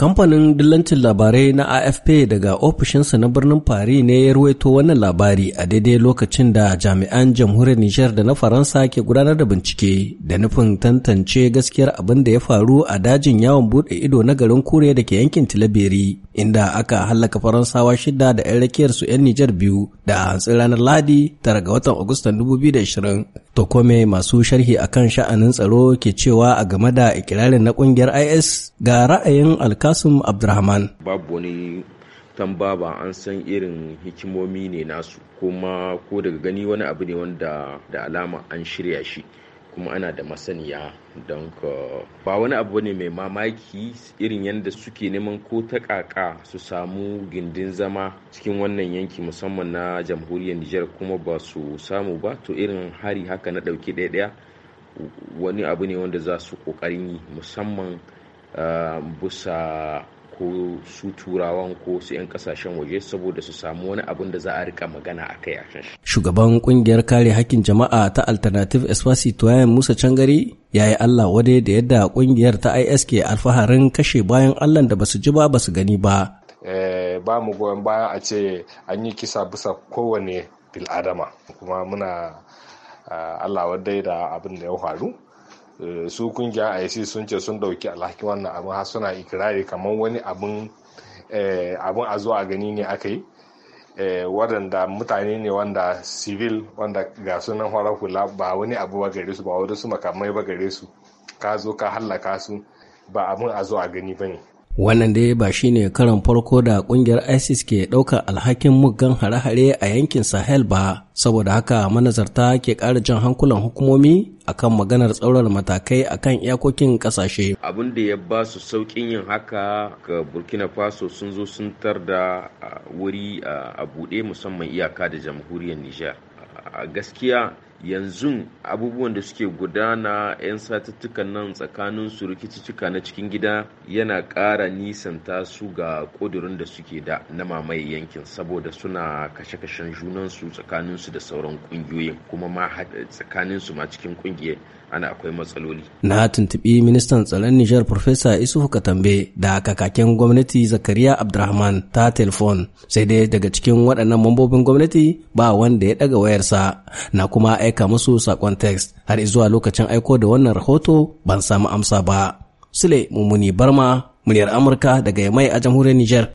Kamfanin dillancin labarai na AFP daga ofishinsa na birnin Paris ne ya ruwaito wannan labari a daidai lokacin da jami'an jamhuriyar Nijar da na Faransa ke gudanar da bincike da nufin tantance gaskiyar abin da ya faru a dajin yawon bude ido na garin Kure da ke yankin Tilaberi inda aka hallaka Faransawa shida da 'yan rakiyarsu 'yan Nijar biyu da hantsin ranar Ladi tara ga watan Agustan 2020 To kome masu sharhi a kan sha'anin tsaro ke cewa a game da ikirarin na kungiyar IS ga ra'ayin Alkasum Abdurrahman. Babu wani tambaba an san irin hikimomi ne nasu kuma ko daga gani wani abu ne wanda da alama an shirya shi. kuma ana da masaniya don ba wani abu ne mai mamaki irin yadda suke neman ko ta kaka su samu gindin zama cikin wannan yanki musamman na jamhuriyar Nijar kuma ba su samu ba to irin hari haka na ɗauki ɗaya wani abu ne wanda za su ƙoƙarin yi musamman ah, bisa ko su turawan ko su 'yan kasashen waje saboda su samu wani abin da za a rika magana a kai a kan shi. Shugaban kungiyar kare hakkin jama'a ta Alternative Espasi Tuwayen Musa Cangari ya yi Allah wadai da yadda kungiyar ta is ke alfaharin kashe bayan Allah da basu ji ba basu gani ba. Eh, ba mu goyon baya a ce an yi kisa bisa kowane bil'adama kuma muna ah, Allah wadai da abin da ya faru Eh, su kungiyar ic sun ce sun dauki alhakin wannan abin har suna ikirari kamar wani abin eh, a zuwa gani ne aka yi eh, waɗanda mutane ne wanda civil wanda ga sunan horar hula ba wani abu ba gare su ba wani su makamai ba gare su ka zo ka hallaka su ba abin a zuwa gani ba ne wannan dai ba shine karan farko da kungiyar isis ke ɗaukar alhakin muggan hare-hare a yankin sahel ba saboda haka manazarta ke kara jan hankulan hukumomi akan maganar tsaurar matakai akan iyakokin kasashe. abin da ya ba su sauƙin yin haka ga burkina faso sun zo sun tar da wuri a buɗe musamman iyaka da jamhuriyar nijar a gaskiya yanzu abubuwan da suke gudana 'yan satuttukan nan tsakanin su rikicicika na cikin gida yana ƙara nisanta su ga ƙudurin da suke da na mamaye yankin saboda suna kashe-kashen junansu tsakanin su da sauran ƙungiyoyin kuma ma tsakanin su ma cikin ƙungiyar ana akwai matsaloli. Na tuntubi ministan tsaron Nijar Profesa Isufu Katambe da kakakin gwamnati Zakariya Abdurrahman ta telefon sai dai daga cikin waɗannan mambobin gwamnati ba wanda ya ɗaga wayarsa na kuma aika musu saƙon text har zuwa lokacin aiko da wannan rahoto ban samu amsa ba. Sule Mummuni Barma, muryar Amurka daga Yamai a jamhuriyar Nijar.